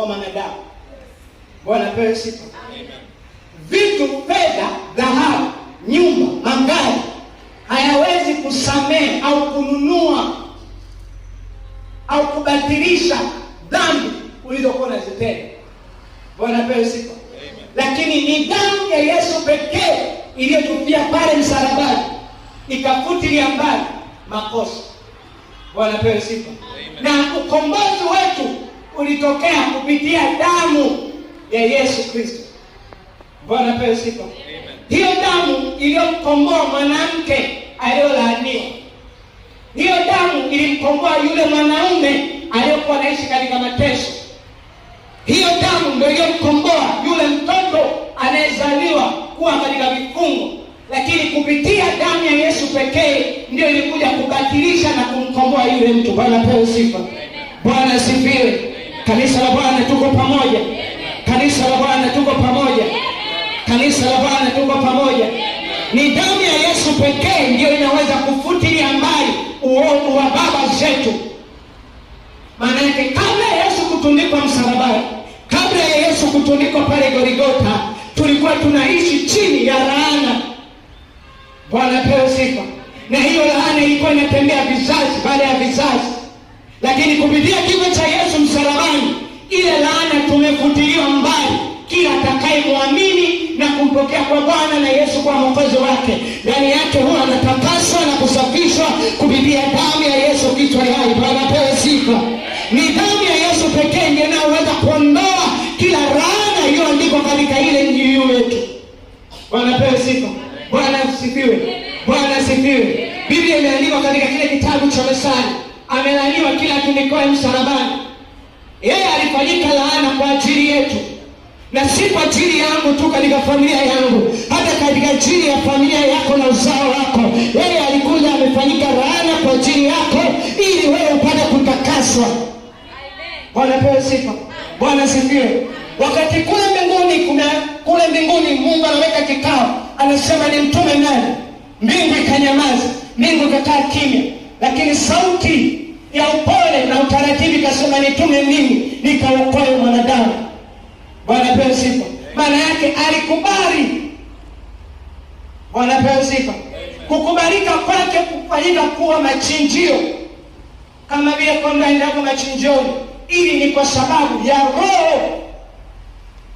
wa mwanadamu. Bwana apewe sifa. Vitu, fedha, dhahabu, nyumba, magari hayawezi kusamehe au kununua au kubatilisha dhambi ulizokuwa unazitenda. Bwana apewe sifa. Lakini ni damu ya Yesu pekee iliyotupia pale msalabani ikafutilia mbali makosa. Bwana apewe sifa. Na ukombozi wetu ulitokea kupitia damu ya Yesu Kristo. Bwana pewe sifa. Hiyo damu iliyomkomboa mwanamke aliyolaaniwa, hiyo damu ilimkomboa yule mwanaume aliyokuwa anaishi katika mateso, hiyo damu ndio iliyomkomboa yule mtoto anayezaliwa kuwa katika vifungo, lakini kupitia damu ya Yesu pekee ndio ilikuja kubatilisha na kumkomboa yule mtu. Bwana pewe sifa. Bwana asifiwe. Kanisa la Bwana tuko pamoja. Kanisa la Bwana tuko pamoja. Kanisa la Bwana tuko pamoja. Ni damu ya Yesu pekee ndiyo inaweza kufutilia mbali uovu wa baba zetu. Maana yake kabla ya Yesu kutundikwa msalabani, kabla ya Yesu kutundikwa pale Golgotha, tulikuwa tunaishi chini ya laana. Bwana pewe sifa. Na hiyo laana ilikuwa inatembea vizazi baada ya vizazi lakini kupitia kifo cha Yesu msalabani, ile laana tumefutiliwa mbali. Kila atakayemwamini na kumpokea kwa Bwana na Yesu kwa mwokozi wake, ndani yake huwa anatakaswa na kusafishwa kupitia damu ya Yesu kichwa hai. Bwana sifa. Ni damu ya Yesu pekee ndiyo inayoweza kuondoa kila laana iliyoandikwa katika ile Injili yetu. Bwana apewe sifa. Bwana asifiwe. Bwana asifiwe. Biblia imeandikwa katika kile kitabu cha mesari amelaniwa kila atundikwaye msalabani. Yeye alifanyika laana kwa ajili yetu, na si kwa ajili yangu tu katika familia yangu, hata katika ajili ya familia yako na uzao wako. Yeye alikuja amefanyika laana kwa ajili yako, ili wewe upate kutakaswa. Bwana sifa. Bwana sifiwe. Wakati kule mbinguni, kuna kule mbinguni Mungu anaweka kikao, anasema ni mtume nani? Mbingu ikanyamaza, mbingu ikakaa kimya lakini sauti ya upole na utaratibu ikasema, nitume mimi nikaokoe mwanadamu. Bwana pewe sifa. Maana yake alikubali. Bwana pewe sifa. Kukubalika kwake kufanyika kuwa machinjio, kama vile kondoo aendako machinjioni, ili ni kwa sababu ya roho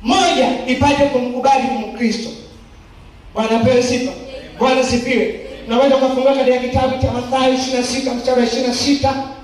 moja ipate kumkubali Mkristo. Bwana pewe sifa. Bwana sifiwe naweza ukafunguka katika kitabu cha Mathayo 26 mstari wa 26